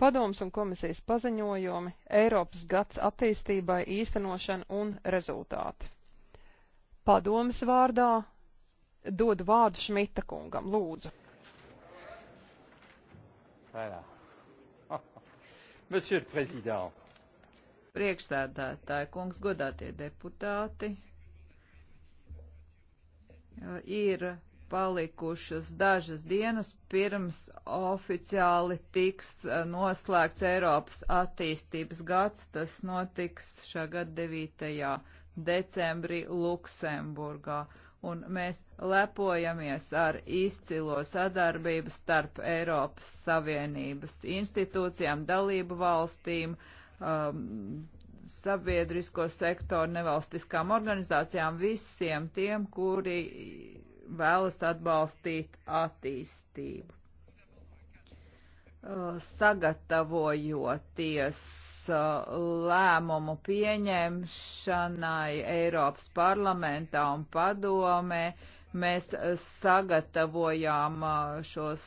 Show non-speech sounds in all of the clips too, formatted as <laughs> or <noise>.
Padoms un komisijas paziņojumi Eiropas gads attīstībai īstenošana un rezultāti. Padomas vārdā dod vārdu Šmita kungam, lūdzu. Voilà. <laughs> Monsieur le Président. Priekšsēdētāji, kungs, godātie deputāti, ir palikušas dažas dienas pirms oficiāli tiks eh, noslēgts Eiropas attīstības gads. Tas notiks šā gada 9. decembrī Luksemburgā. Un mēs lepojamies ar izcilo sadarbību starp Eiropas Savienības institūcijām, dalību valstīm, um, sabiedrisko sektoru, nevalstiskām organizācijām, visiem tiem, kuri vēlas atbalstīt attīstību. Uh, sagatavojoties uh, lēmumu pieņemšanai Eiropas parlamentā un padomē, mēs uh, sagatavojām šos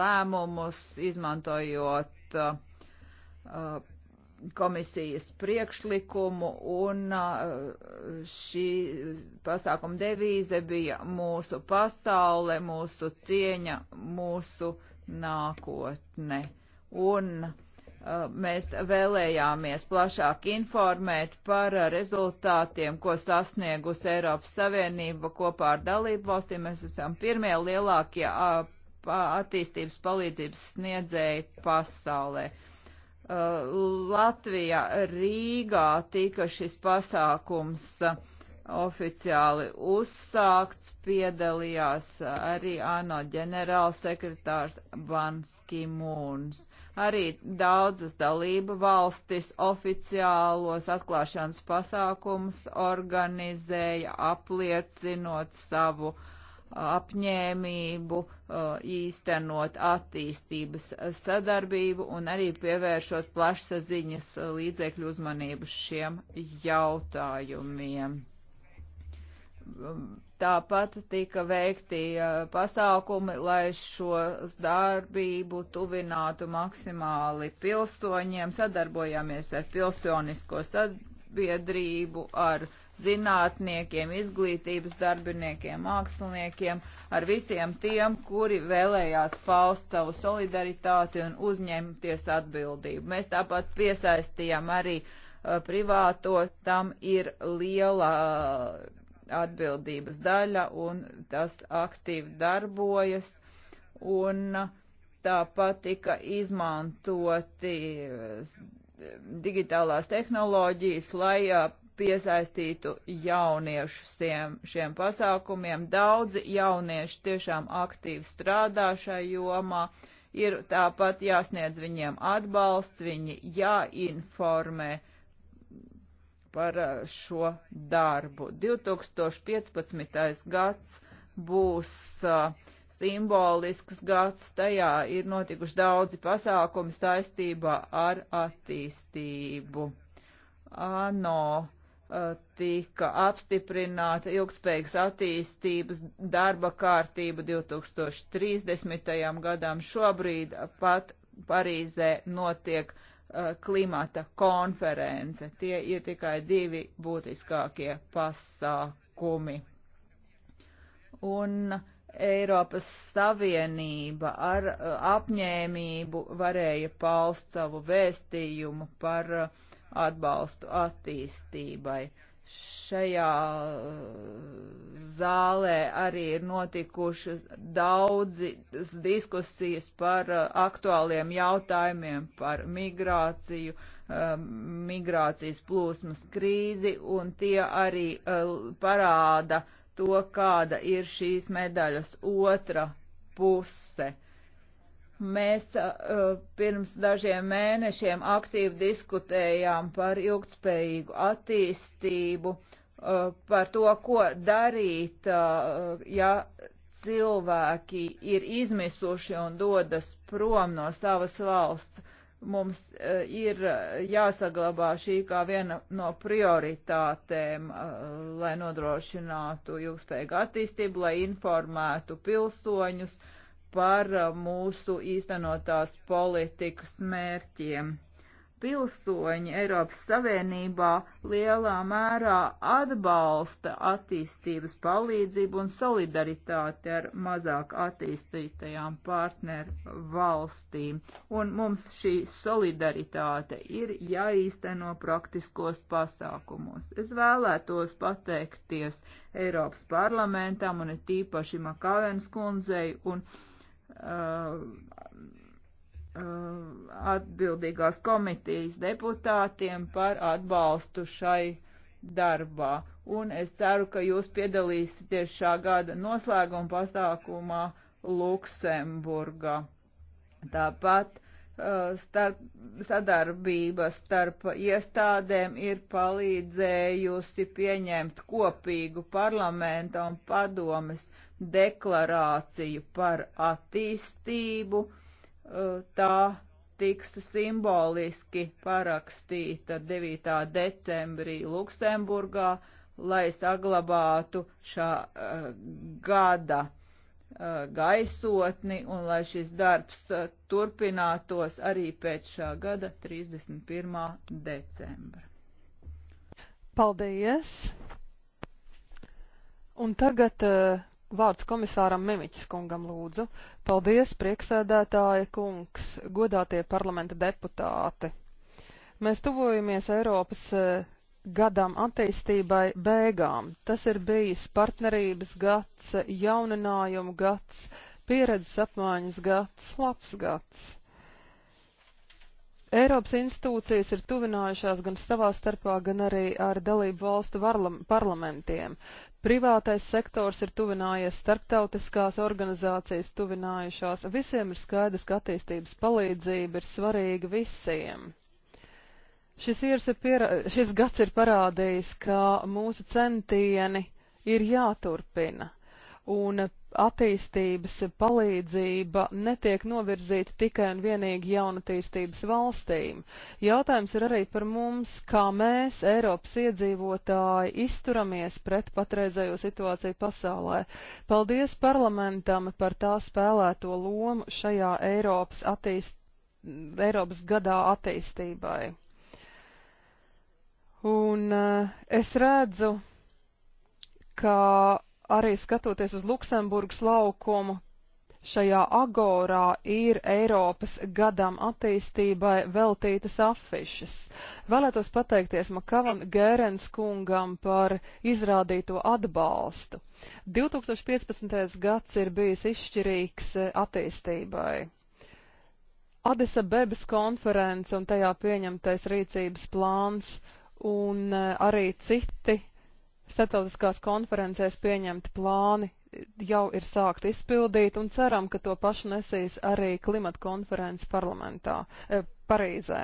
lēmumus, izmantojot komisijas priekšlikumu, un šī pasākuma devīze bija mūsu pasaule, mūsu cieņa, mūsu nākotne. Un mēs vēlējāmies plašāk informēt par rezultātiem, ko sasniegusi Eiropas Savienība kopā ar dalību valstīm. Mēs esam pirmie lielākie attīstības palīdzības sniedzēji pasaulē. Uh, Latvijā, Rīgā tika šis pasākums uh, oficiāli uzsākts, piedalījās arī ANO ģenerālsekretārs Banski Mūns. Arī daudzas dalība valstis oficiālos atklāšanas pasākumus organizēja, apliecinot savu uh, apņēmību eh, īstenot attīstības sadarbību un arī pievēršot plašsaziņas eh, līdzekļu uzmanību šiem jautājumiem. Tāpat tika veikti eh, pasākumi, lai šo darbību tuvinātu maksimāli pilsoņiem, sadarbojāmies ar pilsonisko sabiedrību, ar uh, zinātniekiem, izglītības darbiniekiem, māksliniekiem, ar visiem tiem, kuri vēlējās paust savu solidaritāti un uzņemties atbildību. Mēs tāpat piesaistījām arī uh, privāto, tam ir liela atbildības daļa un tas aktīvi darbojas. Un tāpat tika izmantoti digitālās tehnoloģijas, lai piesaistītu jauniešus šiem, šiem pasākumiem. Daudzi jaunieši tiešām aktīvi strādā šai jomā, ir tāpat jāsniedz viņiem atbalsts, viņi jāinformē par eh, šo darbu. 2015. gads būs uh, simbolisks gads, tajā ir notikuši daudzi pasākumi saistībā ar attīstību. ANO tika apstiprināta ilgspējīgas attīstības darba kārtība 2030. gadam. Šobrīd pat Parīzē notiek uh, klimata konference. Tie ir tikai divi būtiskākie pasākumi. Un Eiropas Savienība ar uh, apņēmību varēja paust savu vēstījumu par uh, atbalstu attīstībai. Šajā uh, zālē arī ir notikušas daudzas diskusijas par uh, aktuāliem jautājumiem par migrāciju, um, migrācijas plūsmas krīzi, un tie arī uh, parāda to, kāda ir šīs medaļas otra puse. Mēs uh, pirms dažiem mēnešiem aktīvi diskutējām par ilgtspējīgu attīstību, uh, par to, ko darīt, uh, ja cilvēki ir izmisuši un dodas prom no savas valsts. Mums uh, ir uh, jāsaglabā šī kā viena no prioritātēm, uh, lai nodrošinātu ilgspējīgu attīstību, lai informētu pilsoņus, uh, par uh, mūsu īstenotās politikas mērķiem. Pilsoņi Eiropas Savienībā lielā mērā atbalsta attīstības palīdzību un solidaritāti ar mazāk attīstītajām partneru valstīm, un mums šī solidaritāte ir jāīsteno praktiskos pasākumos. Es vēlētos pateikties Eiropas parlamentam un tīpaši Makavens kundzei un Uh, uh, atbildīgās komitejas deputātiem par atbalstu šai darbā. Un es ceru, ka jūs piedalīsieties šā gada noslēguma pasākumā Luksemburgā. Tāpat Uh, starp, sadarbība starp iestādēm ir palīdzējusi pieņemt kopīgu parlamenta un padomes deklarāciju par attīstību. Uh, tā tiks simboliski parakstīta 9. decembrī Luksemburgā, lai saglabātu šā uh, gada Uh, gaisotni un lai šis darbs uh, turpinātos arī pēc šā gada 31. decembra. Paldies! Un tagad uh, vārds komisāram Mimiķis kungam lūdzu. Paldies, prieksēdētāja kungs, godātie parlamenta deputāti! Mēs tuvojamies Eiropas uh, gadam attīstībai beigām. Tas ir bijis partnerības gads, jauninājumu gads, pieredzes apmaiņas gads, labs gads. Eiropas institūcijas ir tuvinājušās gan savā starpā, gan arī ar dalību valstu parlamentiem. Privātais sektors ir tuvinājies, starptautiskās organizācijas tuvinājušās. Visiem ir skaidrs, ka attīstības palīdzība ir svarīga visiem. Šis, ir pier, šis gads ir parādījis, ka mūsu centieni ir jāturpina, un attīstības palīdzība netiek novirzīta tikai un vienīgi jaunatīstības valstīm. Jautājums ir arī par mums, kā mēs, Eiropas iedzīvotāji, izturamies pret patreizējo situāciju pasaulē. Paldies parlamentam par tā spēlēto lomu šajā Eiropas, attīst... Eiropas gadā attīstībai. Un eh, es redzu, ka arī skatoties uz Luksemburgas laukumu, šajā agorā ir Eiropas gadam attīstībai veltītas afišas. Vēlētos pateikties Makavam Gērens kungam par izrādīto atbalstu. 2015. gads ir bijis izšķirīgs eh, attīstībai. Adisa Bebas konference un tajā pieņemtais rīcības plāns un eh, arī citi starptautiskās konferencēs pieņemti plāni jau ir sākt izpildīt un ceram, ka to pašu nesīs arī klimata konferences parlamentā eh, Parīzē.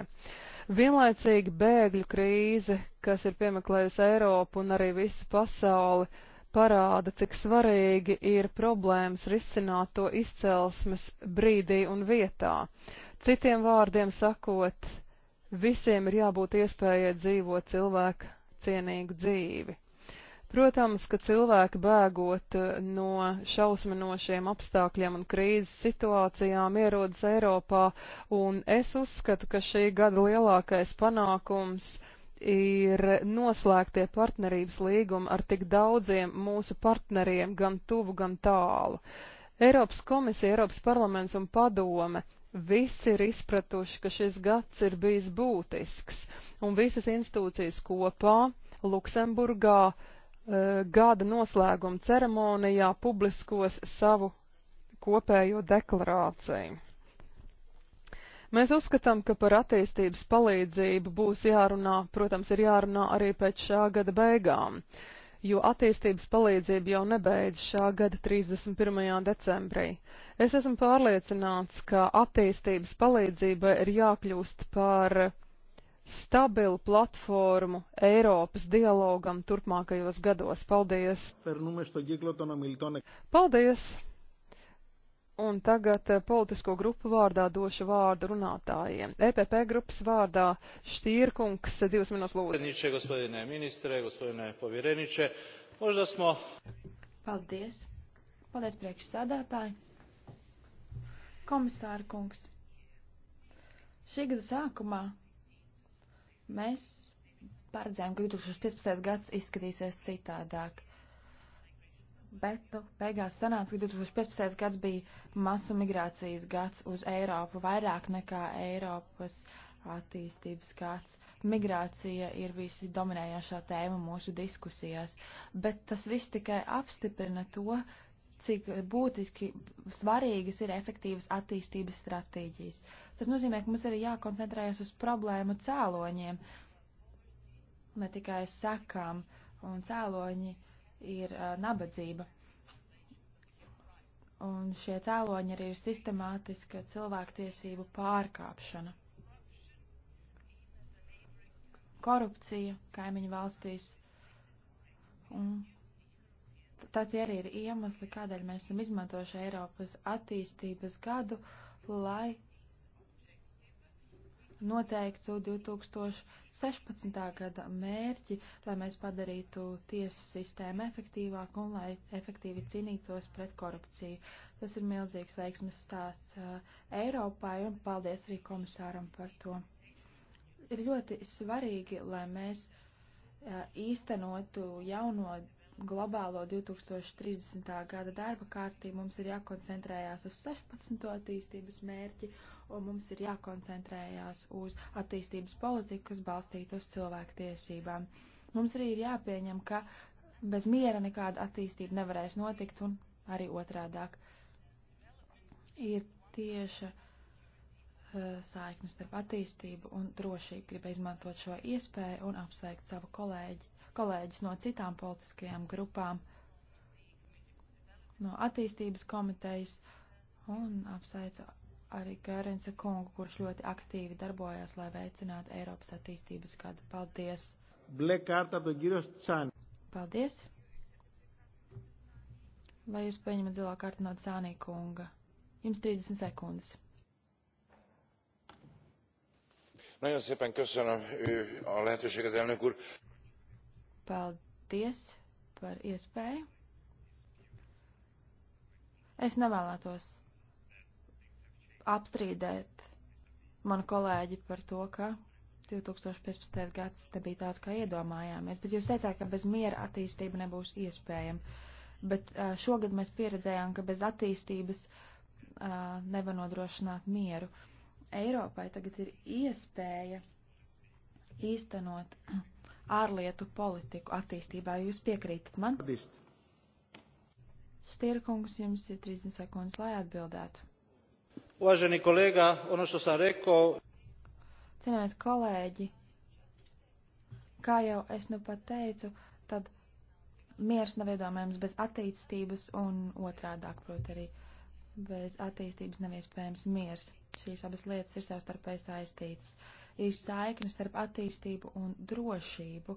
Vienlaicīgi bēgļu krīze, kas ir piemeklējusi Eiropu un arī visu pasauli, parāda, cik svarīgi ir problēmas risināt to izcelsmes brīdī un vietā. Citiem vārdiem sakot, Visiem ir jābūt iespējai dzīvot cilvēku cienīgu dzīvi. Protams, ka cilvēki bēgot eh, no šausminošiem apstākļiem un krīzes situācijām ierodas Eiropā, un es uzskatu, ka šī gada lielākais panākums ir noslēgtie partnerības līgumi ar tik daudziem mūsu partneriem, gan tuvu, gan tālu. Eiropas komisija, Eiropas parlaments un padome Visi ir izpratuši, ka šis gads ir bijis būtisks, un visas institūcijas kopā Luksemburgā eh, gada noslēguma ceremonijā publiskos savu kopējo deklarāciju. Mēs uzskatām, ka par attīstības palīdzību būs jārunā, protams, ir jārunā arī pēc šā gada beigām jo attīstības palīdzība jau nebeidz šā gada 31. decembrī. Es esmu pārliecināts, ka attīstības palīdzība ir jākļūst par stabilu platformu Eiropas dialogam turpmākajos gados. Paldies! Paldies! Un tagad eh, politisko grupu vārdā došu vārdu runātājiem. EPP grupas vārdā Štīrkungs, divas minūtes lūdzu. Paldies. Paldies priekšsādātāji. Komisāra kungs. Šī gada sākumā mēs paredzējām, ka 2015. gads izskatīsies citādāk bet nu, beigās sanāca, ka 2015. gads bija masu migrācijas gads uz Eiropu, vairāk nekā Eiropas attīstības gads. Migrācija ir visi dominējošā tēma mūsu diskusijās, bet tas viss tikai apstiprina to, cik būtiski svarīgas ir efektīvas attīstības stratēģijas. Tas nozīmē, ka mums arī jākoncentrējas uz problēmu cēloņiem, ne tikai sekām un cēloņi ir uh, nabadzība. Un šie cēloņi arī ir sistemātiska cilvēktiesību pārkāpšana. Korupcija kaimiņu valstīs. Un tad arī ir iemesli, kādēļ mēs esam izmantojuši Eiropas attīstības gadu, lai noteiktu 2016. gada mērķi, lai mēs padarītu tiesu sistēmu efektīvāku un lai efektīvi cīnītos pret korupciju. Tas ir milzīgs veiksmes stāsts uh, Eiropai un paldies arī komisāram par to. Ir ļoti svarīgi, lai mēs uh, īstenotu jauno globālo 2030. gada darba kārtību, mums ir jākoncentrējās uz 16. attīstības mērķi, un mums ir jākoncentrējās uz attīstības politiku, kas balstīta uz cilvēktiesībām. Mums arī ir jāpieņem, ka bez miera nekāda attīstība nevarēs notikt, un arī otrādāk ir tieša eh, saiknes starp attīstību un drošību. Gribu izmantot šo iespēju un apsveikt savu kolēģi kolēģis no citām politiskajām grupām, no attīstības komitejas, un apsveicu arī Gērensa kungu, kurš ļoti aktīvi darbojās, lai veicinātu Eiropas attīstības gadu. Paldies! Paldies! Vai jūs pieņemat zilā kartu no Cānī kunga? Jums 30 sekundes. Nagyon szépen köszönöm a lehetőséget, elnök úr. Paldies par iespēju. Es nevēlētos apstrīdēt manu kolēģi par to, ka 2015. gads te bija tāds, kā iedomājāmies, bet jūs teicāt, ka bez miera attīstība nebūs iespējama. Bet šogad mēs pieredzējām, ka bez attīstības nevar nodrošināt mieru. Eiropai tagad ir iespēja īstenot ārlietu politiku attīstībā. Jūs piekrītat man? Stierkungs, jums ir 30 sekundes, lai atbildētu. Uvaženi kolēga, ono što sam rekao... Cienējams kolēģi, kā jau es nu pat teicu, tad miers nav iedomājams bez attīstības un otrādāk, proti arī bez attīstības nav iespējams miers. Šīs abas lietas ir savstarpēji saistītas. Uh, ir saikne starp attīstību un drošību.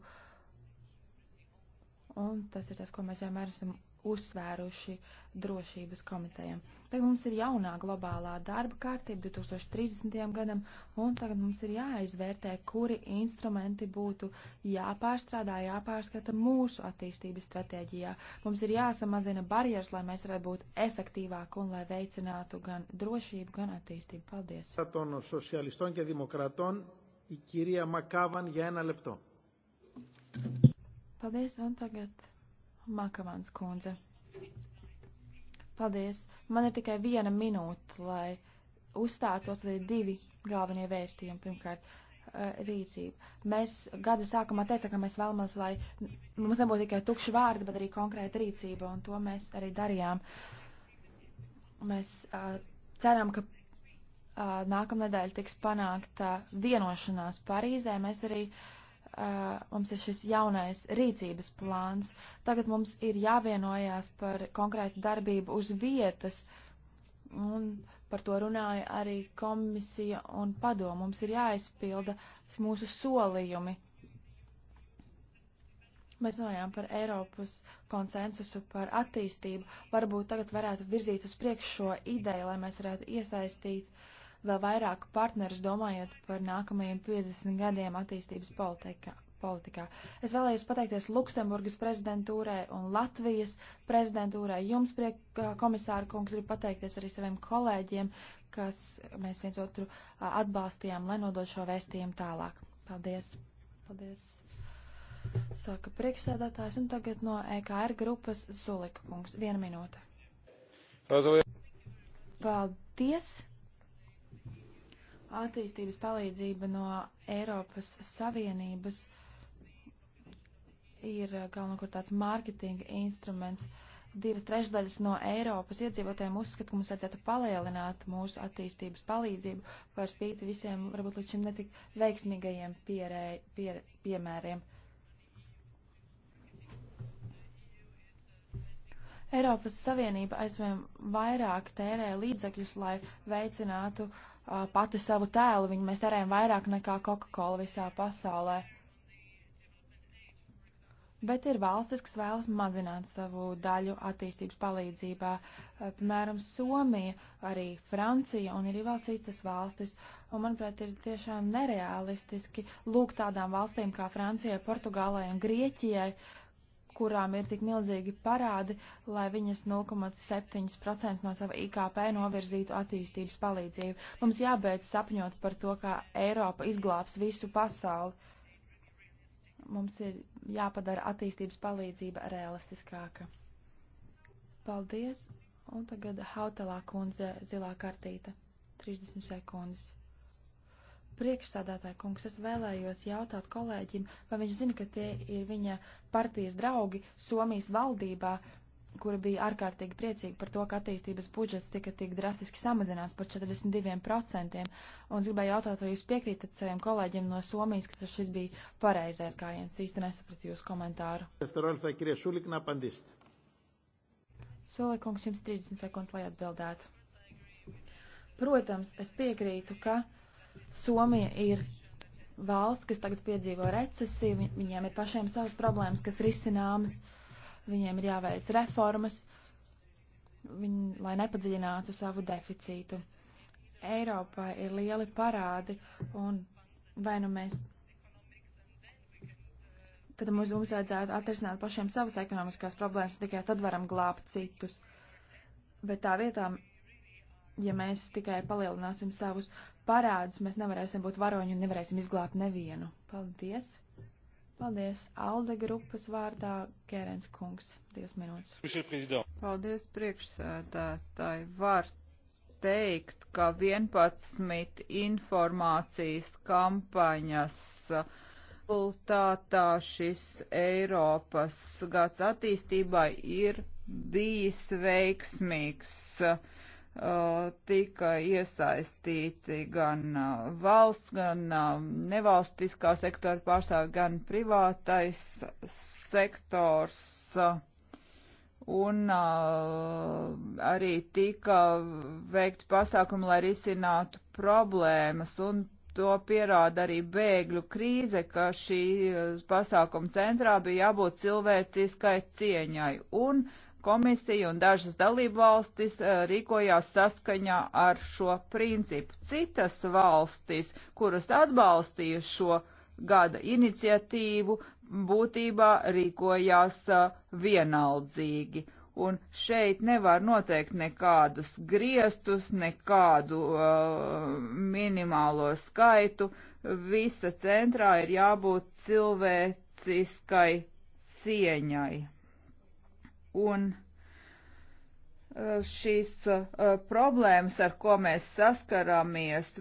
Un tas ir tas, ko mēs vienmēr esam uzsvēruši drošības komitejam. Tagad mums ir jaunā globālā darba kārtība 2030. gadam, un tagad mums ir jāizvērtē, kuri instrumenti būtu jāpārstrādā, jāpārskata mūsu attīstības stratēģijā. Mums ir jāsamazina barjeras, lai mēs varētu būt efektīvāki un lai veicinātu gan drošību, gan attīstību. Paldies! Των σοσιαλιστών και δημοκρατών, η κυρία Μακάβαν για ένα λεπτό. Paldies, un tagad Makavāns kundze. Paldies. Man ir tikai viena minūte, lai uzstātos arī divi galvenie vēstījumi. Pirmkārt, rīcība. Mēs gada sākumā teicām, ka mēs vēlamies, lai mums nebūtu tikai tukši vārdi, bet arī konkrēta rīcība, un to mēs arī darījām. Mēs uh, ceram, ka uh, nākamnedēļ tiks panākta uh, vienošanās Parīzē. Mēs arī uh, Eh, mums ir šis jaunais rīcības plāns. Tagad mums ir jāvienojās par konkrētu darbību uz vietas, un par to runāja arī komisija un padomu. Mums ir jāizpilda mūsu solījumi. Mēs runājām par Eiropas konsensusu, par attīstību. Varbūt tagad varētu virzīt uz priekšu šo ideju, lai mēs varētu iesaistīt uh, vēl vairāk partnerus domājot par nākamajiem 50 gadiem attīstības politikā. politikā. Es vēlējos pateikties Luksemburgas prezidentūrai un Latvijas prezidentūrai. Jums, priek, komisāra kungs, gribu pateikties arī saviem kolēģiem, kas mēs viens otru atbalstījām, lai nodot šo vēstījumu tālāk. Paldies! Paldies! Saka priekšsēdētājs un tagad no EKR grupas Zulika kungs. Viena minūte. Paldies! attīstības palīdzība no Eiropas Savienības ir uh, galvenokārt tāds mārketinga instruments. Divas trešdaļas no Eiropas iedzīvotājiem uzskata, ka mums vajadzētu palielināt mūsu attīstības palīdzību par spīti visiem, varbūt līdz šim netik veiksmīgajiem pierē, pier, piemēriem. Eiropas Savienība aizvien vairāk tērē līdzekļus, lai veicinātu uh, pati savu tēlu. Viņu mēs tērējam vairāk nekā Coca-Cola visā pasaulē. Bet ir valstis, kas vēlas mazināt savu daļu attīstības palīdzībā. Piemēram, Somija, arī Francija un ir vēl citas valstis. Un, manuprāt, ir tiešām nereālistiski lūgt tādām valstīm kā Francijai, Portugālai un Grieķijai uh, kurām ir tik milzīgi parādi, lai viņas 0,7% no sava IKP novirzītu attīstības palīdzību. Mums jābeidz sapņot par to, kā Eiropa izglābs visu pasauli. Mums ir jāpadara attīstības palīdzība realistiskāka. Paldies! Un tagad Hautelā kundze zilā kartīte. 30 sekundes. Priekšsādātāja kungs, es vēlējos jautāt kolēģim, vai viņš zina, ka tie ir viņa partijas draugi Somijas valdībā, kuri bija ārkārtīgi priecīgi par to, ka attīstības budžets tika tik drastiski samazināts par 42%. Un es gribēju jautāt, vai jūs piekrītat saviem kolēģiem no Somijas, ka šis bija pareizais gājiens. Īsti nesapratu jūsu komentāru. Solikungs, jums 30 sekundes, lai atbildētu. Protams, es piekrītu, ka Somija ir valsts, kas tagad piedzīvo recesiju, vi viņiem ir pašiem savas problēmas, kas risināmas, viņiem ir jāveic reformas, viņ, lai nepadziļinātu savu deficītu. Eiropā ir lieli parādi, un vai nu mēs. Tad mums, mums vajadzētu atrisināt pašiem savas ekonomiskās problēmas, tikai tad varam glābt citus. Bet tā vietā, ja mēs tikai palielināsim savus parādus, mēs nevarēsim būt varoņi un nevarēsim izglābt nevienu. Paldies! Paldies Alde grupas vārdā, Kērens kungs, divas minūtes. Paldies priekšsēdētāji. Var teikt, ka 11 informācijas kampaņas rezultātā šis Eiropas gads attīstībai ir bijis veiksmīgs. Uh, Uh, tika iesaistīti gan uh, valsts, gan uh, nevalstiskā sektora pārstāvi, gan privātais sektors. Un arī tika veikti pasākumi, lai risinātu problēmas, un to pierāda arī bēgļu krīze, ka šī pasākuma centrā bija jābūt cilvēciskai cieņai. Un uh, komisija un dažas dalībvalstis eh, rīkojās saskaņā ar šo principu. Citas valstis, kuras atbalstīja šo gada iniciatīvu, būtībā rīkojās eh, vienaldzīgi. Un šeit nevar noteikt nekādus griestus, nekādu uh, minimālo skaitu. Visa centrā ir jābūt cilvēciskai cieņai un eh, šīs eh, problēmas, ar ko mēs saskaramies,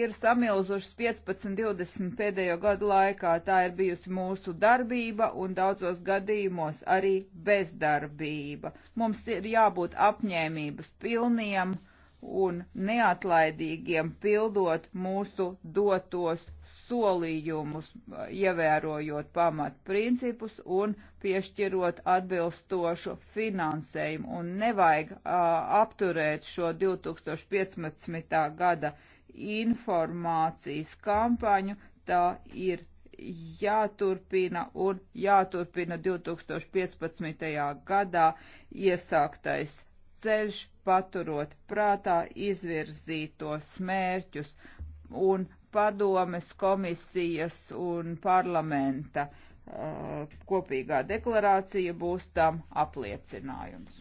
ir samilzušas 15-20 pēdējo gadu laikā. Tā ir bijusi mūsu darbība un daudzos gadījumos arī bezdarbība. Mums ir jābūt apņēmības pilniem un neatlaidīgiem pildot mūsu dotos solījumus, ievērojot pamatprincipus un piešķirot atbilstošu finansējumu. Un nevajag a, apturēt šo 2015. gada informācijas kampaņu, tā ir jāturpina un jāturpina 2015. gadā iesāktais ceļš, paturot prātā izvirzītos mērķus un padomes komisijas un parlamenta uh, kopīgā deklarācija būs tam apliecinājums.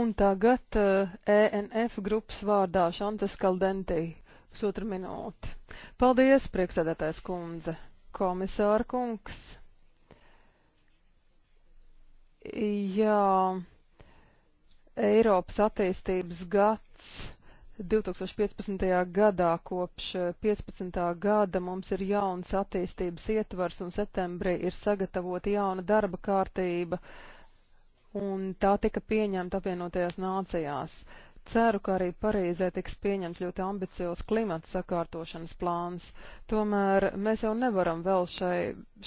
Un tagad uh, ENF grupas vārdā Šantas Kaldentī. Pusotra minūte. Paldies, priekšsēdētājs kundze. Komisāra kungs. Jā. Eiropas attīstības gads 2015. gadā kopš 15. gada mums ir jauns attīstības ietvars un septembrī ir sagatavota jauna darba kārtība un tā tika pieņemta apvienotajās nācijās. Ceru, ka arī Parīzē tiks pieņemts ļoti ambiciozs klimata sakārtošanas plāns. Tomēr mēs jau nevaram vēl šai,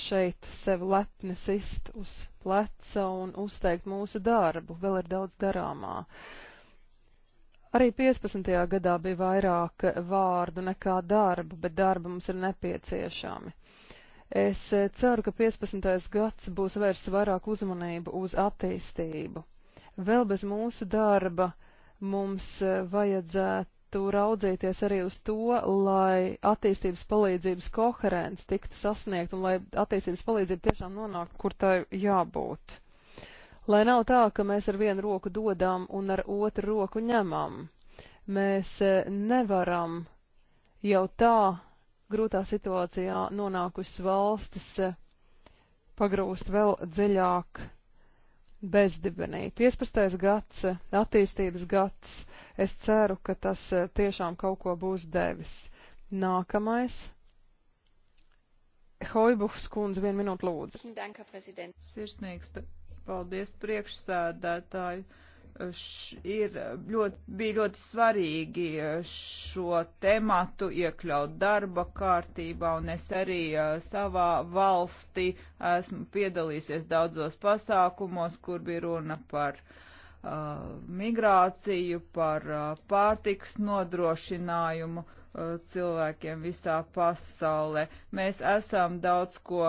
šeit sev lepni sist uz pleca un uzteikt mūsu darbu. Vēl ir daudz darāmā. Arī 15. gadā bija vairāk vārdu nekā darbu, bet darba mums ir nepieciešami. Es ceru, ka 15. gads būs vērsts vairāk uzmanību uz attīstību. Vēl bez mūsu darba mums e, vajadzētu raudzīties arī uz to, lai attīstības palīdzības koherence tiktu sasniegt un lai attīstības palīdzība tiešām nonāktu, kur tai jābūt. Lai nav tā, ka mēs ar vienu roku dodam un ar otru roku ņemam. Mēs e, nevaram jau tā grūtā situācijā nonākušas valstis e, pagrūst vēl dziļāk bezdibenī. 15. gads, attīstības gads, es ceru, ka tas eh, tiešām kaut ko būs devis. Nākamais. Hoibuhs kundze, vienu minūtu lūdzu. Sirsnīgs, paldies priekšsēdētāju ir ļoti, bija ļoti svarīgi e, šo tematu iekļaut darba kārtībā, un es arī e, savā valstī esmu piedalīsies daudzos pasākumos, kur bija runa par uh, migrāciju, par uh, pārtiks nodrošinājumu uh, cilvēkiem visā pasaulē. Mēs esam daudz ko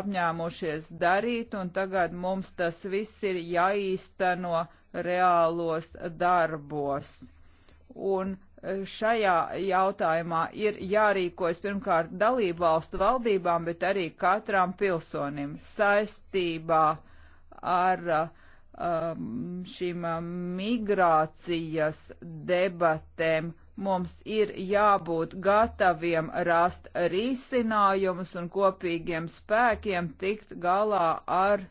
apņēmušies darīt, un tagad mums tas viss ir jāīsteno reālos darbos. Un šajā jautājumā ir jārīkojas pirmkārt dalību valstu valdībām, bet arī katram pilsonim saistībā ar um, šīm um, migrācijas debatēm. Mums ir jābūt gataviem rast risinājumus un kopīgiem spēkiem tikt galā ar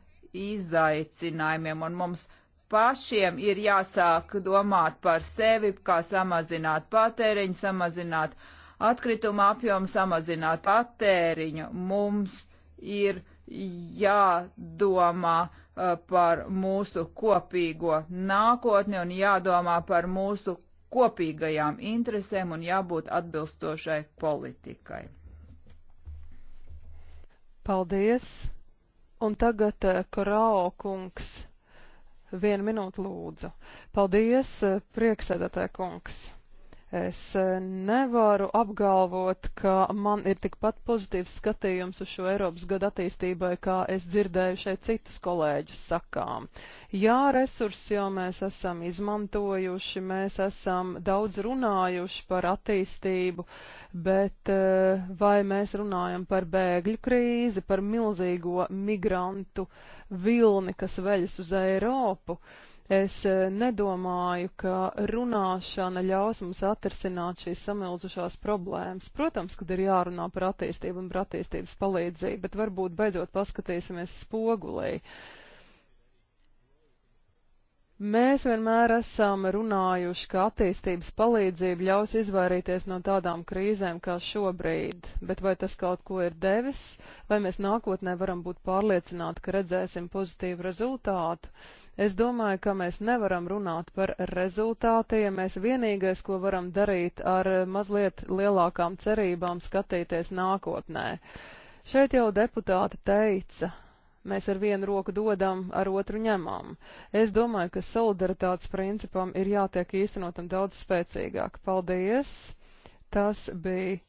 izaicinājumiem, un mums pašiem ir jāsāk domāt par sevi, kā samazināt patēriņu, samazināt atkrituma apjomu, samazināt patēriņu. Mums ir jādomā uh, par mūsu kopīgo nākotni un jādomā par mūsu kopīgajām interesēm un jābūt atbilstošai politikai. Paldies! Un tagad uh, Korao kungs Vienu minūtu lūdzu. Paldies, prieksēdētāja kungs. Es nevaru apgalvot, ka man ir tikpat pozitīvs skatījums uz šo Eiropas gadu attīstībai, kā es dzirdēju šeit citus kolēģus sakām. Jā, resursus jau mēs esam izmantojuši, mēs esam daudz runājuši par attīstību, bet e, vai mēs runājam par bēgļu krīzi, par milzīgo migrantu vilni, kas veļas uz Eiropu? Uh, Es eh, nedomāju, ka runāšana ļaus mums atrisināt šīs samilzušās problēmas. Protams, kad ir jārunā par attīstību un par attīstības palīdzību, bet varbūt beidzot paskatīsimies spogulī. Uh, Mēs vienmēr esam runājuši, ka attīstības palīdzība ļaus izvairīties no tādām krīzēm kā šobrīd, bet vai tas kaut ko ir devis, vai mēs nākotnē varam būt pārliecināti, ka redzēsim pozitīvu rezultātu? Es domāju, ka mēs nevaram runāt par rezultātiem, mēs vienīgais, ko varam darīt ar mazliet lielākām cerībām skatīties nākotnē. Šeit jau deputāti teica, Mēs ar vienu roku dodam, ar otru ņemam. Es domāju, ka solidaritātes principam ir jātiek īstenotam daudz spēcīgāk. Paldies! Tas bija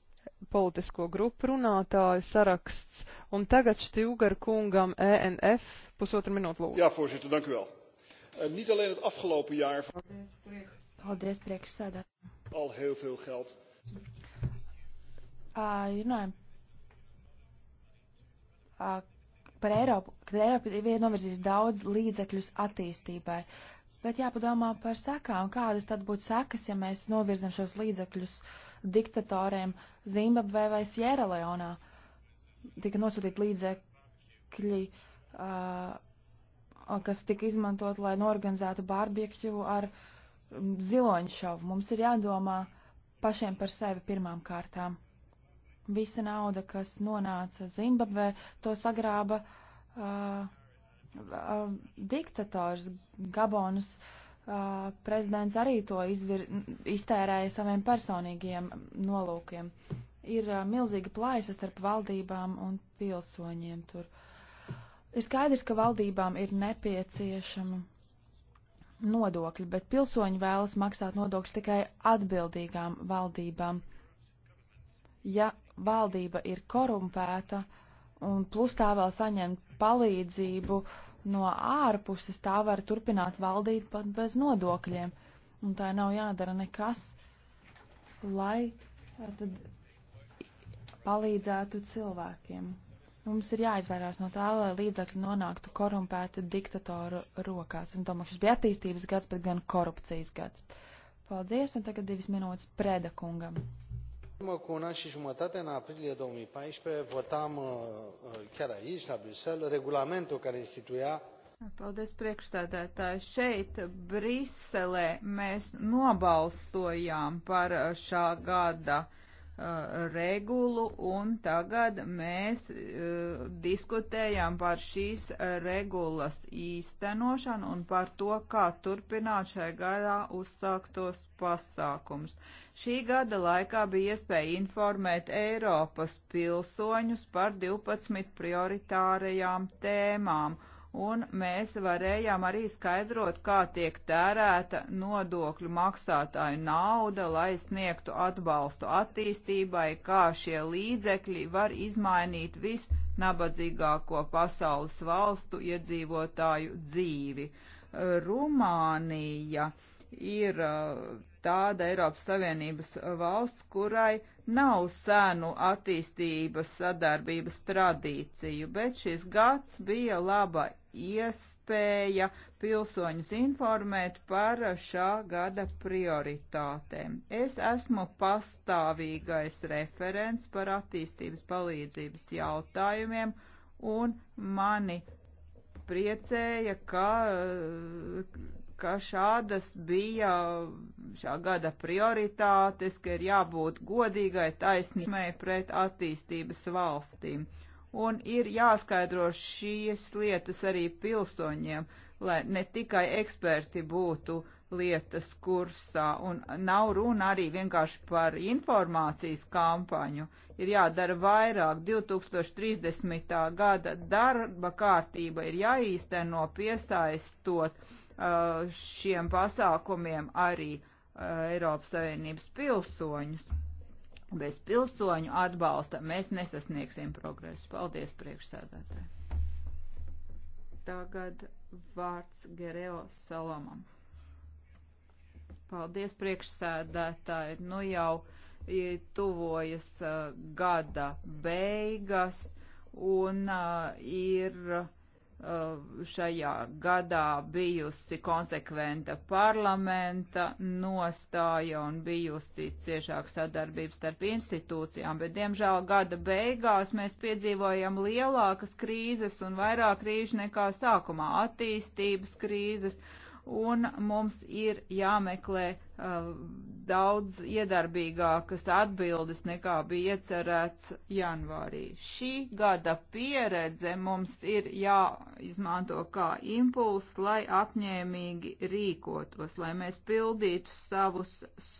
politisko grupu runātāju saraksts, un tagad Štilgar kungam ENF pusotru minūtu lūdzu. Jā, voorzitter, dank u wel. Uh, niet alleen het afgelopen jaar. Paldies, priekšsēdā. Al heel veel geld. Uh, runājam. Uh, par Eiropu, ka Eiropa ir novirzījis daudz līdzekļus attīstībai. Bet jāpadomā par sekām, kādas tad būtu sekas, ja mēs novirzam šos līdzekļus diktatoriem Zimbabvē vai Sieraleonā. Tika nosūtīt līdzekļi, uh, kas tika izmantot, lai norganizētu barbieķu ar ziloņšovu. Mums ir jādomā pašiem par sevi pirmām kārtām. Visa nauda, kas nonāca Zimbabvē, to sagrāba uh, uh, diktators Gabonas. Uh, prezidents arī to izvir, iztērēja saviem personīgiem nolūkiem. Ir uh, milzīga plājas starp valdībām un pilsoņiem tur. Ir skaidrs, ka valdībām ir nepieciešama nodokļi, bet pilsoņi vēlas maksāt nodokļus tikai atbildīgām valdībām. Ja valdība ir korumpēta, un plus tā vēl saņem palīdzību no ārpuses, tā var turpināt valdīt pat bez nodokļiem. Un tā nav jādara nekas, lai tad, palīdzētu cilvēkiem. Mums ir jāizvairās no tā, lai līdzekļi nonāktu korumpētu diktatoru rokās. Es domāju, šis bija attīstības gads, bet gan korupcijas gads. Paldies, un tagad divas minūtes preda kungam urmă cu un an și jumătate în aprilie două mii paisprezece votam uh, uh, chiar aici la bruxelles regulamentul care instituia Paldies priekšstādātāji. Šeit Briselē mēs nobalsojām par uh, šā gada uh, Eh, regulu, un tagad mēs uh, diskutējam par šīs regulas īstenošanu un par to, kā turpināt šai garā uzsāktos pasākums. Šī gada laikā bija iespēja informēt Eiropas pilsoņus par 12 prioritārajām tēmām un mēs varējām arī skaidrot, kā tiek tērēta nodokļu maksātāju nauda, lai sniegtu atbalstu attīstībai, kā šie līdzekļi var izmainīt visnabadzīgāko pasaules valstu iedzīvotāju dzīvi. Rumānija ir uh, tāda Eiropas Savienības valsts, kurai nav sēnu attīstības sadarbības tradīciju, bet šis gads bija laba iespēja pilsoņus informēt par šā gada prioritātēm. Es esmu pastāvīgais referents par attīstības palīdzības jautājumiem un mani priecēja, ka, ka šādas bija šā gada prioritātes, ka ir jābūt godīgai taisnībai pret attīstības valstīm. Uh, un ir jāskaidro šīs lietas arī pilsoņiem, lai ne tikai eksperti būtu lietas kursā, un nav runa arī vienkārši par informācijas kampaņu. Ir jādara vairāk, 2030. gada darba kārtība ir jāīsteno piesaistot uh, šiem pasākumiem arī uh, Eiropas Savienības pilsoņus. Bez pilsoņu atbalsta mēs nesasniegsim progresu. Paldies, priekšsēdētāji. Tagad vārds Gereo Salamam. Paldies, priekšsēdētāji. Nu jau tuvojas uh, gada beigas un uh, ir Uh, šajā gadā bijusi konsekventa parlamenta nostāja un bijusi ciešāka sadarbība starp institūcijām, bet diemžēl gada beigās mēs piedzīvojam lielākas krīzes un vairāk krīžu nekā sākumā - attīstības krīzes, un mums ir jāmeklē Uh, daudz iedarbīgākas atbildes nekā bija iecerēts janvārī. Šī gada pieredze mums ir jāizmanto kā impuls, lai apņēmīgi rīkotos, lai mēs pildītu savus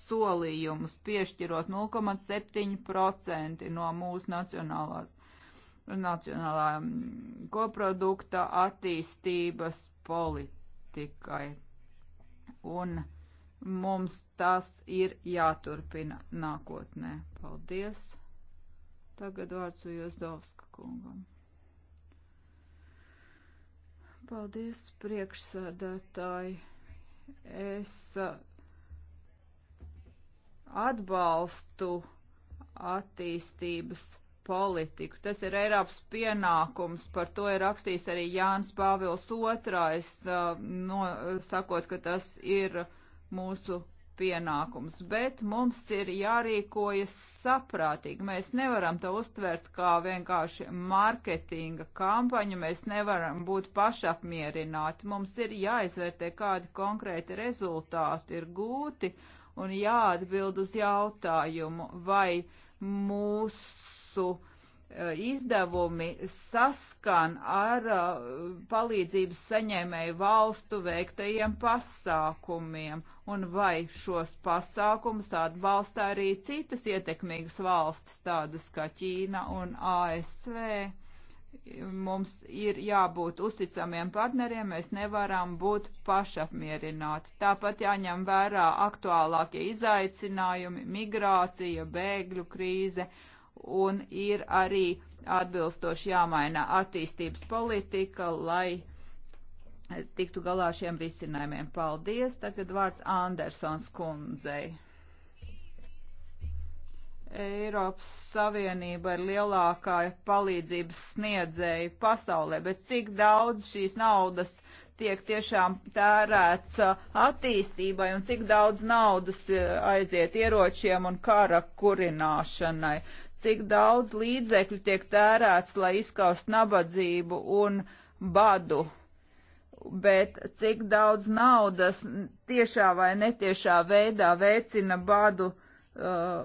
solījumus, piešķirot 0,7% no mūsu nacionālās nacionālā um, koprodukta attīstības politikai. Un uh, mums tas ir jāturpina nākotnē. Paldies! Tagad vārds Ujazdovska kungam. Paldies, priekšsādātāji. Es uh, atbalstu attīstības politiku. Tas ir Eiropas pienākums, par to ir rakstījis arī Jānis Pāvils II, uh, no, sakot, ka tas ir uh, mūsu pienākums, bet mums ir jārīkojas saprātīgi. Mēs nevaram to uztvert kā vienkārši mārketinga kampaņu, mēs nevaram būt pašapmierināti. Mums ir jāizvērtē, kādi konkrēti rezultāti ir gūti un jāatbild uz jautājumu, vai mūsu Eh, izdevumi saskan ar eh, palīdzības saņēmēju valstu veiktajiem pasākumiem, un vai šos pasākumus atbalsta arī citas ietekmīgas valstis, tādas kā Ķīna un ASV. Mums ir jābūt uzticamiem partneriem, mēs nevaram būt pašapmierināti. Tāpat jāņem vērā aktuālākie izaicinājumi - migrācija, bēgļu krīze un ir arī atbilstoši jāmaina attīstības politika, lai tiktu galā šiem risinājumiem. Paldies. Tagad vārds Andersons kundzei. Eiropas Savienība ir lielākā palīdzības sniedzēja pasaulē, bet cik daudz šīs naudas tiek tiešām tērēts uh, attīstībai un cik daudz naudas uh, aiziet ieročiem un kara kurināšanai cik daudz līdzekļu tiek tērēts, lai izskaust nabadzību un badu, bet cik daudz naudas tiešā vai netiešā veidā veicina badu, uh,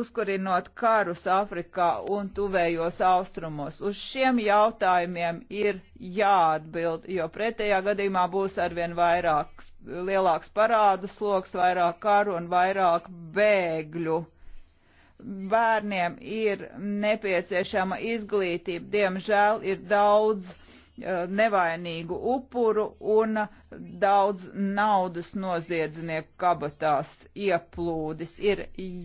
uzkurinot karus Afrikā un tuvējos austrumos. Uz šiem jautājumiem ir jāatbild, jo pretējā gadījumā būs arvien vairāks, lielāks parādu sloks, vairāk karu un vairāk bēgļu. Uh, bērniem ir nepieciešama izglītība. Diemžēl ir daudz uh, nevainīgu upuru un daudz naudas noziedznieku kabatās ieplūdis. Ir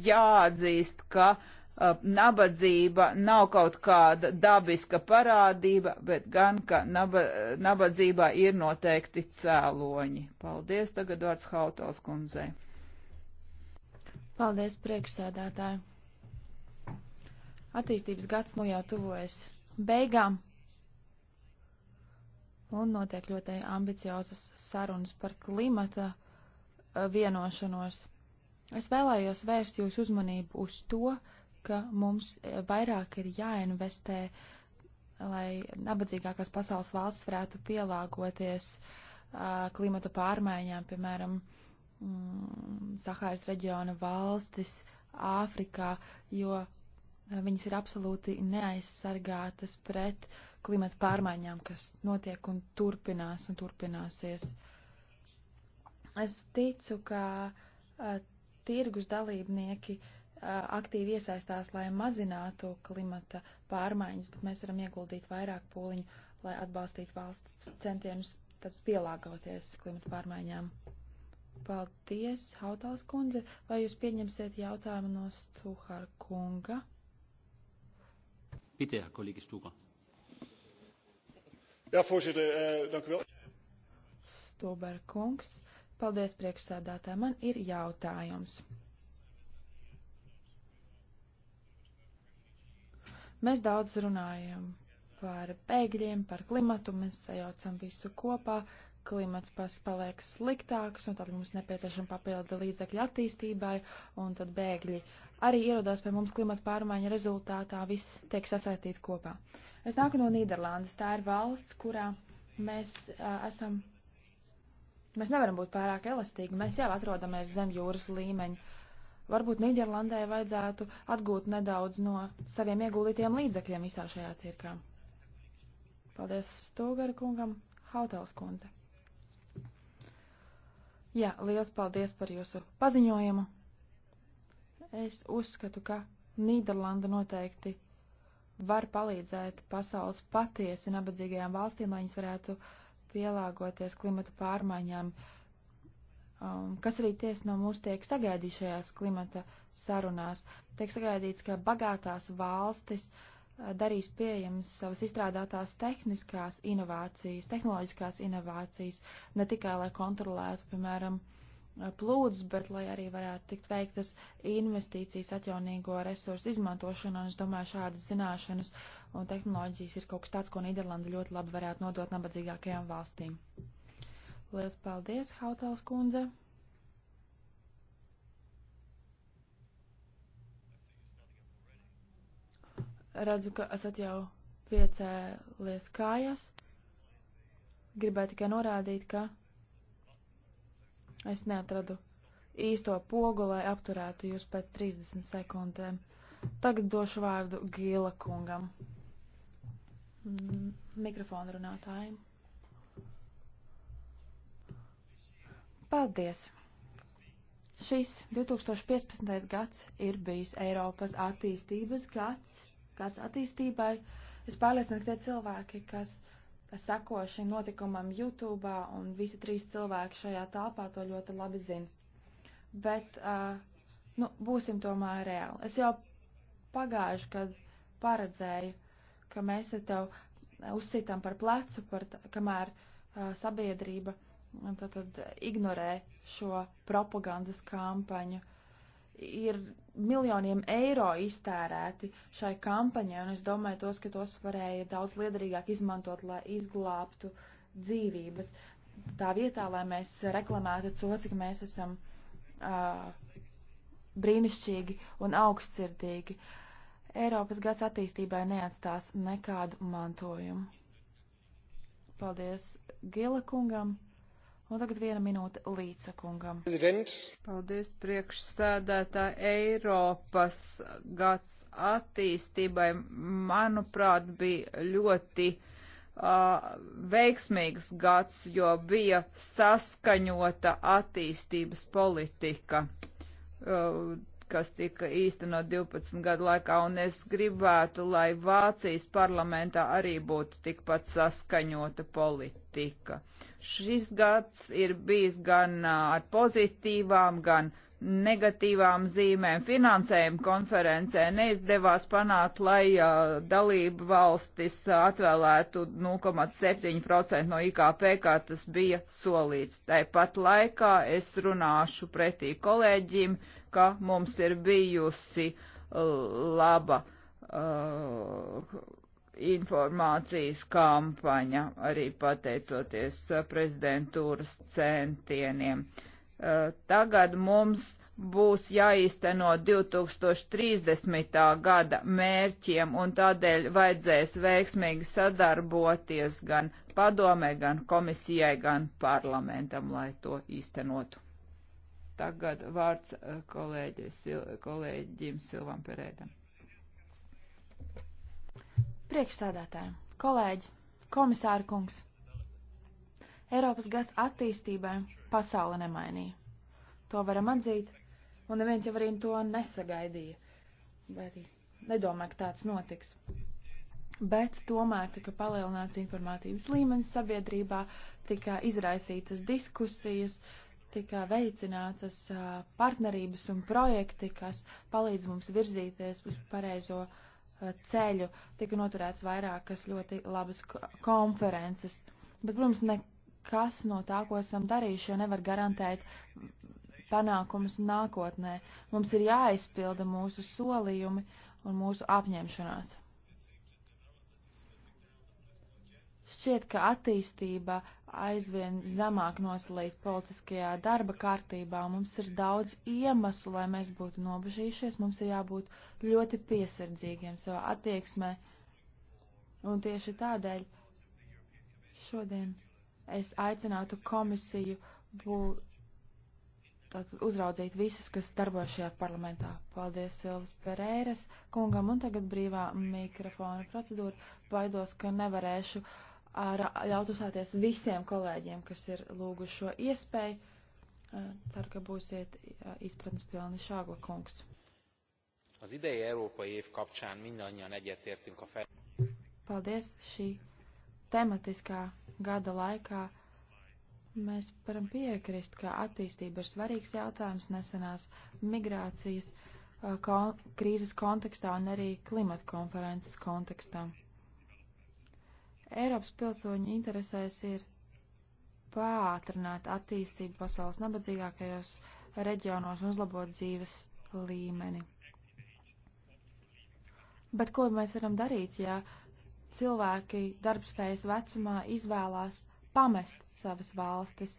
jāatzīst, ka uh, nabadzība nav kaut kāda dabiska parādība, bet gan, ka naba, nabadzībā ir noteikti cēloņi. Paldies tagad vārds Hautals kundzei. Paldies priekšsēdētāji. Attīstības gads nu jau tuvojas beigām un notiek ļoti ambiciozas sarunas par klimata eh, vienošanos. Es vēlējos vērst jūsu uzmanību uz to, ka mums eh, vairāk ir jāinvestē, lai nabadzīgākās pasaules valsts varētu pielāgoties uh, klimata pārmaiņām, piemēram, mm, Sahāras reģiona valstis Āfrikā, jo Eh, viņas ir absolūti neaizsargātas pret klimata pārmaiņām, kas notiek un turpinās un turpināsies. Es ticu, ka uh, tirgus dalībnieki uh, aktīvi iesaistās, lai mazinātu klimata pārmaiņas, bet mēs varam ieguldīt vairāk pūliņu, lai atbalstītu valsts centienus pielāgoties klimata pārmaiņām. Paldies, Hautals kundze. Vai jūs pieņemsiet jautājumu no Stuhar kunga? Bitte, Herr Kollege Stuber. Jā, voorzitter, eh, dank u wel. Stuber kungs, paldies priekšsēdētāji, man ir jautājums. Mēs daudz runājam par bēgļiem, par klimatu, mēs sajaucam visu kopā, klimats paliek sliktāks, un tad mums nepieciešama papildu līdzekļu attīstībai, un tad bēgļi arī ierodās pie mums klimata pārmaiņa rezultātā, viss tiek sasaistīts kopā. Es nāku no Nīderlandes. Tā ir valsts, kurā mēs uh, esam. Mēs nevaram būt pārāk elastīgi. Mēs jau atrodamies zem jūras līmeņa. Varbūt Nīderlandē vajadzētu atgūt nedaudz no saviem ieguldītiem līdzekļiem visā šajā cirkā. Paldies Stūgara kungam, Hautels kundze. Jā, liels paldies par jūsu paziņojumu. Es uzskatu, ka Nīderlanda noteikti var palīdzēt pasaules patiesi nabadzīgajām valstīm, lai viņas varētu pielāgoties klimata pārmaiņām, um, kas arī tiesa no mūs tiek sagaidīts šajās klimata sarunās. Tiek sagaidīts, ka bagātās valstis uh, darīs pieejamas savas izstrādātās tehniskās inovācijas, tehnoloģiskās inovācijas, ne tikai lai kontrolētu, piemēram, uh, Uh, plūds, bet lai arī varētu tikt veiktas investīcijas atjaunīgo resursu izmantošanā, un es domāju, šādas zināšanas un tehnoloģijas ir kaut kas tāds, ko Nīderlanda ļoti labi varētu nodot nabadzīgākajām valstīm. Lielas paldies, Hautals kundze! Redzu, ka esat jau piecēlies kājas. Gribēju tikai norādīt, ka Es neatradu īsto pogu, lai apturētu jūs pēc 30 sekundēm. Tagad došu vārdu Gīla kungam. Mm, mikrofonu runātājiem. Paldies! Šis 2015. gads ir bijis Eiropas attīstības gads, gads attīstībai. Es pārliecinu, ka tie cilvēki, kas sako šim notikumam YouTube, un visi trīs cilvēki šajā telpā to ļoti labi zina. Bet, uh, nu, būsim tomēr reāli. Es jau pagājuši, kad paredzēju, ka mēs te tev uzsitām par plecu, par tā, kamēr uh, sabiedrība tad, tad ignorē šo propagandas kampaņu. Uh, ir miljoniem eiro iztērēti šai kampaņai, un es domāju, tos, ka tos varēja daudz liederīgāk izmantot, lai izglābtu dzīvības. Tā vietā, lai mēs reklamētu to, cik mēs esam uh, brīnišķīgi un augstsirdīgi. Eiropas gads attīstībai neatstās nekādu mantojumu. Paldies Gila kungam! Un tagad viena minūte līdzakungam. Paldies priekšsēdētā Eiropas gads attīstībai, manuprāt, bija ļoti uh, veiksmīgs gads, jo bija saskaņota attīstības politika. Uh, kas tika īstenot 12 gadu laikā, un es gribētu, lai Vācijas parlamentā arī būtu tikpat saskaņota politika. Šis gads ir bijis gan ar pozitīvām, gan negatīvām zīmēm. Finansējuma konferencē neizdevās panākt, lai uh, dalību valstis atvēlētu 0,7% no IKP, kā tas bija solīts. Tāpat laikā es runāšu pretī kolēģim, ka mums ir bijusi uh, laba uh, informācijas kampaņa, arī pateicoties uh, prezidentūras centieniem. Uh, tagad mums būs jāīsteno 2030. gada mērķiem, un tādēļ vajadzēs veiksmīgi sadarboties gan padomē, gan komisijai, gan parlamentam, lai to īstenotu. Tagad vārds eh, kolēģim Silvam Perēdam. Priekšsādātājiem, kolēģi, komisāra kungs. Eiropas gads attīstībai pasauli nemainīja. To varam atzīt, un neviens jau arī to nesagaidīja. Vai arī nedomāju, ka tāds notiks. Bet tomēr tika palielināts informātības līmenis sabiedrībā, tika izraisītas diskusijas, uh, tika veicinātas partnerības un projekti, kas palīdz mums virzīties uz pareizo ceļu. Tika noturēts vairākas ļoti labas konferences. Bet, protams, nekas no tā, ko esam darījuši, jau nevar garantēt panākumus nākotnē. Mums ir jāizpilda mūsu solījumi un mūsu apņemšanās. Šķiet, ka attīstība aizvien zemāk noslīd politiskajā darba kārtībā. Mums ir daudz iemeslu, lai mēs būtu nobežījušies. Mums ir jābūt ļoti piesardzīgiem savā attieksmē. Un tieši tādēļ šodien es aicinātu komisiju būt, tātad, uzraudzīt visus, kas darbojas šajā parlamentā. Paldies Silvas Pereiras kungam un tagad brīvā mikrofona procedūra. Baidos, ka nevarēšu. Uh, ļaut uzstāties visiem kolēģiem, kas ir lūguši šo iespēju. Ceru, ka būsiet izpratnes pilni Sāgla kungs. Az idei Európai év kapcsán mindannyian egyetértünk a fel... Paldies šī tematiskā gada laikā. Mēs varam piekrist, ka attīstība ir svarīgs jautājums nesenās migrācijas kon krīzes kontekstā un arī klimata konferences kontekstā. Eiropas pilsoņu interesēs ir pātrināt attīstību pasaules nabadzīgākajos reģionos un uzlabot dzīves līmeni. Bet ko mēs varam darīt, ja cilvēki darbspējas vecumā izvēlās pamest savas valstis?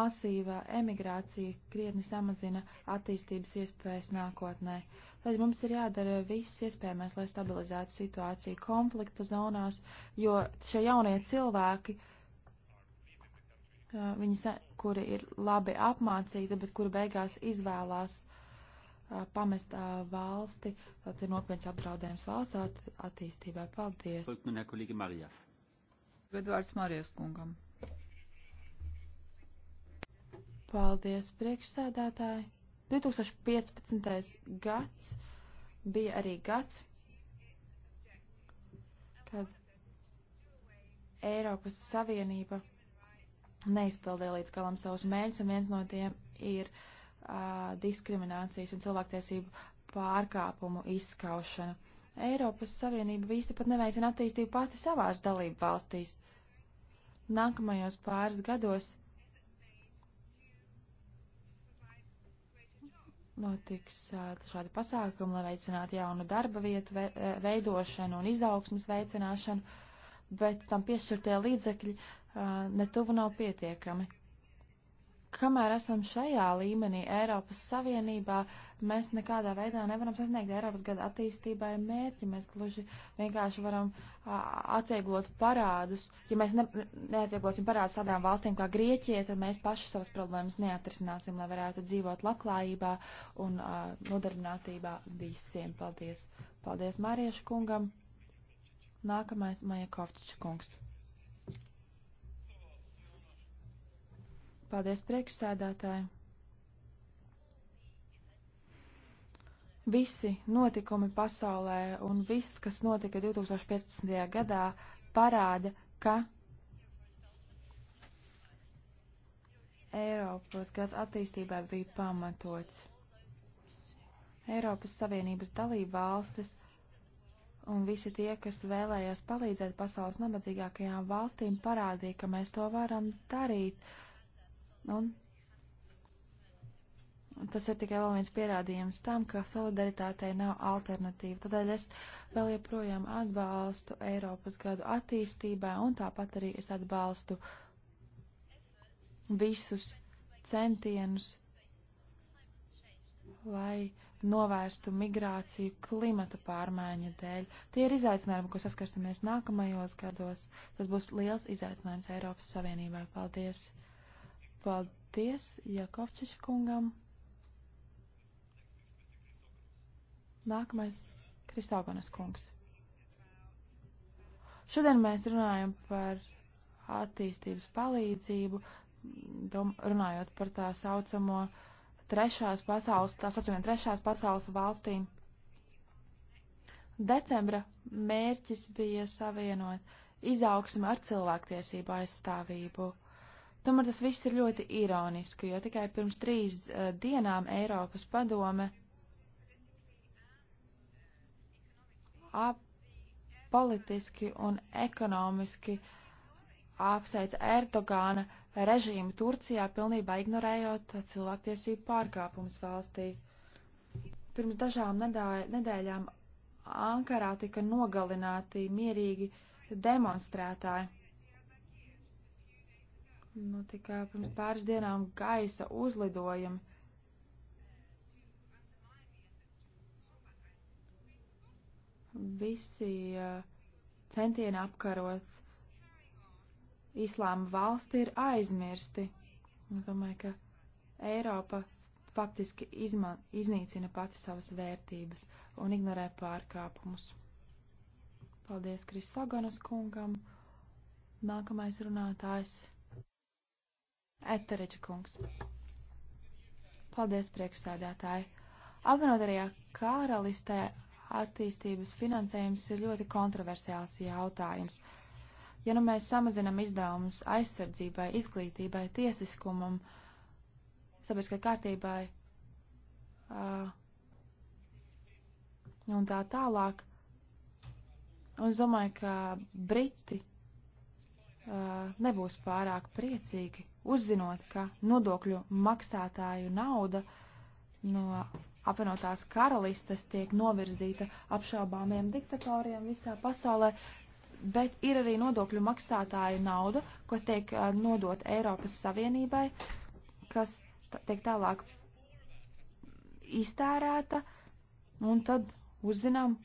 Masīvā emigrācija krietni samazina attīstības iespējas nākotnē. Uh, Tad mums ir jādara viss iespējamais, lai stabilizētu situāciju konflikta zonās, jo šie jaunie cilvēki, viņi, kuri ir labi apmācīti, bet kuri beigās izvēlās pamest valsti, tad ir nopietns apdraudējums valsts attīstībai. Paldies! Nu Gadvārds Marijas kungam. Paldies, priekšsēdētāji! 2015. gads bija arī gads, kad Eiropas Savienība neizpildīja līdz galam savus mērķus, un viens no tiem ir uh, diskriminācijas un cilvēktiesību pārkāpumu izskaušana. Eiropas Savienība īsti pat neveicina attīstību pati savās dalību valstīs. Nākamajos pāris gados notiks šādi pasākumi, lai veicinātu jaunu darba vietu veidošanu un izaugsmas veicināšanu, bet tam piešķirtie līdzekļi netuvu nav pietiekami kamēr esam šajā līmenī Eiropas Savienībā, mēs nekādā veidā nevaram sasniegt Eiropas gada attīstībai mērķi. Mēs gluži vienkārši varam atvieglot parādus. Ja mēs ne, neatvieglosim parādus tādām valstīm kā Grieķija, tad mēs paši savas problēmas neatrisināsim, lai varētu dzīvot labklājībā un a, nodarbinātībā visiem. Paldies! Paldies Mariešu kungam! Nākamais Maja Kovčiča kungs. Paldies, priekšsēdētāji! Visi notikumi pasaulē un viss, kas notika 2015. gadā, parāda, ka Eiropas gads attīstībā bija pamatots. Eiropas Savienības dalība valstis un visi tie, kas vēlējās palīdzēt pasaules nabadzīgākajām valstīm, parādīja, ka mēs to varam darīt Un tas ir tikai vēl viens pierādījums tam, ka solidaritātei nav alternatīva. Tādēļ es vēl joprojām atbalstu Eiropas gadu attīstībai un tāpat arī es atbalstu visus centienus, lai novērstu migrāciju klimata pārmaiņu dēļ. Tie ir izaicinājumi, ko saskarsimies nākamajos gados. Tas būs liels izaicinājums Eiropas Savienībai. Paldies! Paldies Jakovčiš kungam. Nākamais Kristāgonas kungs. Šodien mēs runājam par attīstības palīdzību, dom, runājot par tā saucamo trešās pasaules, tā saucamiem trešās pasaules valstīm. Decembra mērķis bija savienot izaugsmi ar cilvēktiesību aizstāvību. Uh, Tomēr tas viss ir ļoti ironiski, jo tikai pirms trīs uh, dienām Eiropas padome politiski un ekonomiski apsveica Erdogāna režīmu Turcijā, pilnībā ignorējot cilvēktiesību pārkāpumus valstī. Pirms dažām nedēļām Ankarā tika nogalināti mierīgi demonstrētāji notika nu, pirms pāris dienām gaisa uzlidojumi. Visi eh, centieni apkarot islāma valsti ir aizmirsti. Es domāju, ka Eiropa faktiski izma, iznīcina pati savas vērtības un ignorē pārkāpumus. Paldies Krisoganas kungam. Nākamais runātājs Etereģa kungs. Paldies, priekšsēdētāji. Apvienotajā karalistē attīstības finansējums ir ļoti kontroversiāls jautājums. Ja nu mēs samazinam izdevumus aizsardzībai, izglītībai, tiesiskumam, sabiedriskai kārtībai uh, un tā tālāk, un es domāju, ka Briti nebūs pārāk priecīgi, uzzinot, ka nodokļu maksātāju nauda no apvienotās karalistes tiek novirzīta apšaubāmiem diktatoriem visā pasaulē, bet ir arī nodokļu maksātāju nauda, kas tiek nodot Eiropas Savienībai, kas tiek tālāk iztērēta, un tad uzzinām,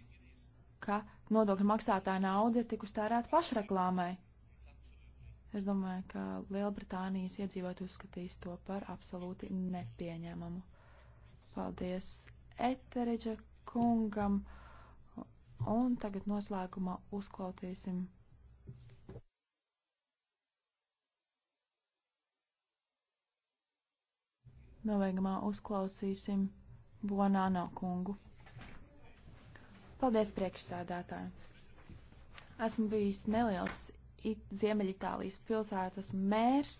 ka nodokļu maksātāja nauda ir tik uztērēta pašreklāmai. Es domāju, ka Lielbritānijas iedzīvot uzskatīs to par absolūti nepieņēmumu. Paldies Eteriģa kungam, un tagad noslēgumā uzklausīsim. Novēgumā uzklausīsim Bonāno kungu. Paldies priekšsēdētājiem! Esmu bijis neliels It Ziemeļitālijas pilsētas mērs,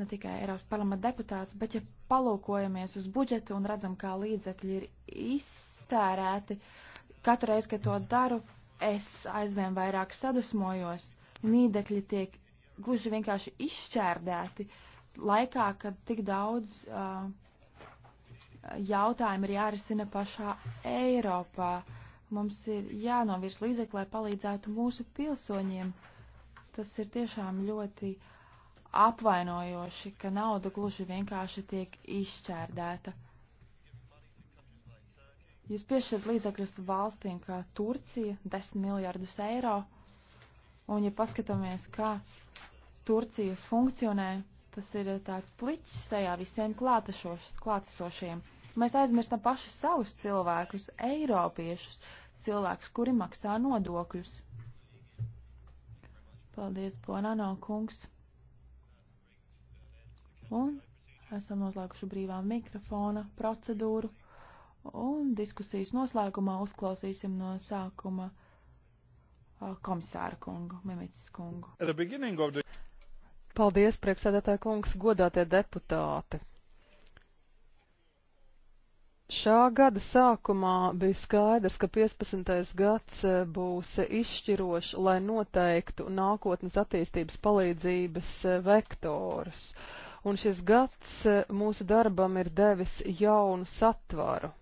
ne tikai Eiropas parlamenta deputāts, bet ja palūkojamies uz budžetu un redzam, kā līdzekļi ir iztērēti, katru reizi, kad to daru, es aizvien vairāk sadusmojos. Nīdekļi tiek gluži vienkārši izšķērdēti laikā, kad tik daudz uh, jautājumu ir jārisina pašā Eiropā. Uh, Mums ir jānovirs līdzekļi, lai palīdzētu mūsu pilsoņiem. Tas ir tiešām ļoti apvainojoši, ka nauda gluži vienkārši tiek izšķērdēta. Jūs piešķirat līdzekļus valstīm kā Turcija, 10 miljardus eiro, un ja paskatāmies, kā Turcija funkcionē, tas ir tāds pliķis tajā visiem klātesošiem. Mēs aizmirstam paši savus cilvēkus, eiropiešus, cilvēkus, kuri maksā nodokļus. Paldies, Bonano kungs. Un esam noslēguši brīvā mikrofona procedūru. Un diskusijas noslēgumā uzklausīsim no sākuma komisāra kungu, Mimicis kungu. The... Paldies, priekšsēdētāja kungs, godātie deputāti! Šā gada sākumā bija skaidrs, ka 15. gads e, būs izšķirošs, lai noteiktu nākotnes attīstības palīdzības e, vektorus, un šis gads e, mūsu darbam ir devis jaunu satvaru.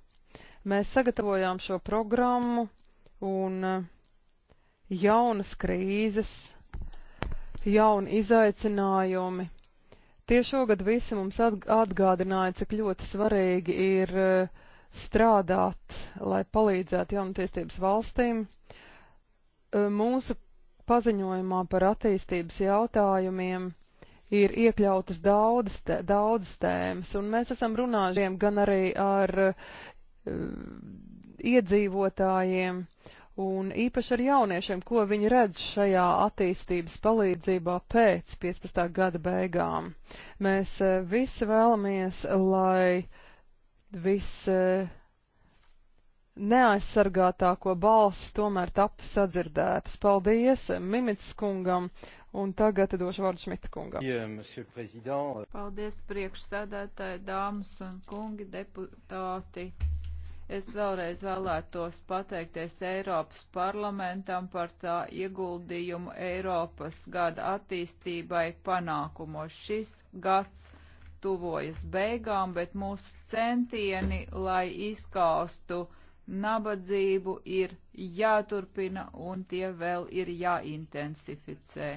Mēs sagatavojām šo programmu un jaunas krīzes, jauni izaicinājumi Tie šogad visi mums atgādināja, cik ļoti svarīgi ir eh, strādāt, lai palīdzētu jaunatiestības valstīm. Eh, mūsu paziņojumā par attīstības jautājumiem ir iekļautas daudzas tē, daudz tēmas, un mēs esam runājušiem gan arī ar uh, iedzīvotājiem, un īpaši ar jauniešiem, ko viņi redz šajā attīstības palīdzībā pēc 15. gada beigām. Mēs eh, visi vēlamies, lai viss eh, neaizsargātāko balss tomēr taptu sadzirdētas. Paldies Mimits kungam un tagad došu vārdu Šmita kungam. Paldies priekšsēdētāji, dāmas un kungi, deputāti. Es vēlreiz vēlētos pateikties Eiropas parlamentam par tā ieguldījumu Eiropas gada attīstībai panākumos. Šis gads tuvojas beigām, bet mūsu centieni, lai izkaustu nabadzību, ir jāturpina un tie vēl ir jāintensificē.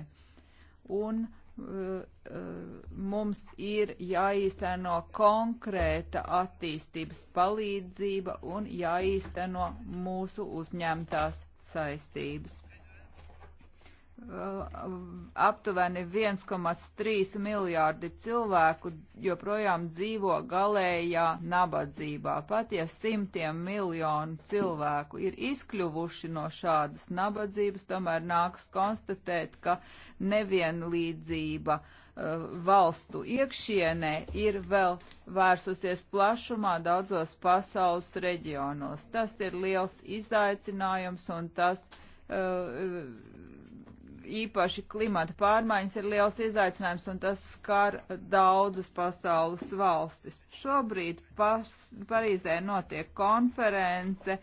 Un uh, mums ir jāīsteno konkrēta attīstības palīdzība un jāīsteno mūsu uzņemtās saistības. Uh, aptuveni 1,3 miljārdi cilvēku joprojām dzīvo galējā nabadzībā. Pat ja simtiem miljonu cilvēku ir izkļuvuši no šādas nabadzības, tomēr nāks konstatēt, ka nevienlīdzība uh, valstu iekšienē ir vēl vērsusies plašumā daudzos pasaules reģionos. Tas ir liels izaicinājums un tas uh, īpaši klimata pārmaiņas ir liels izaicinājums un tas skar daudzas pasaules valstis. Šobrīd pas, Parīzē notiek konference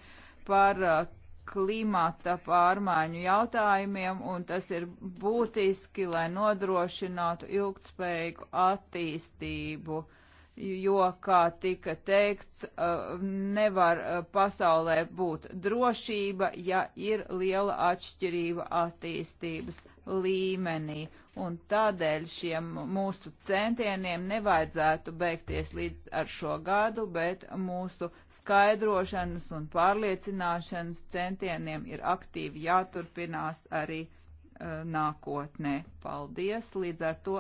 par uh, klimata pārmaiņu jautājumiem un tas ir būtiski, lai nodrošinātu ilgtspējīgu attīstību uh, jo, kā tika teikts, uh, nevar uh, pasaulē būt drošība, ja ir liela atšķirība attīstības līmenī. Un tādēļ šiem mūsu centieniem nevajadzētu beigties līdz ar šo gadu, bet mūsu skaidrošanas un pārliecināšanas centieniem ir aktīvi jāturpinās arī uh, nākotnē. Paldies! Līdz ar to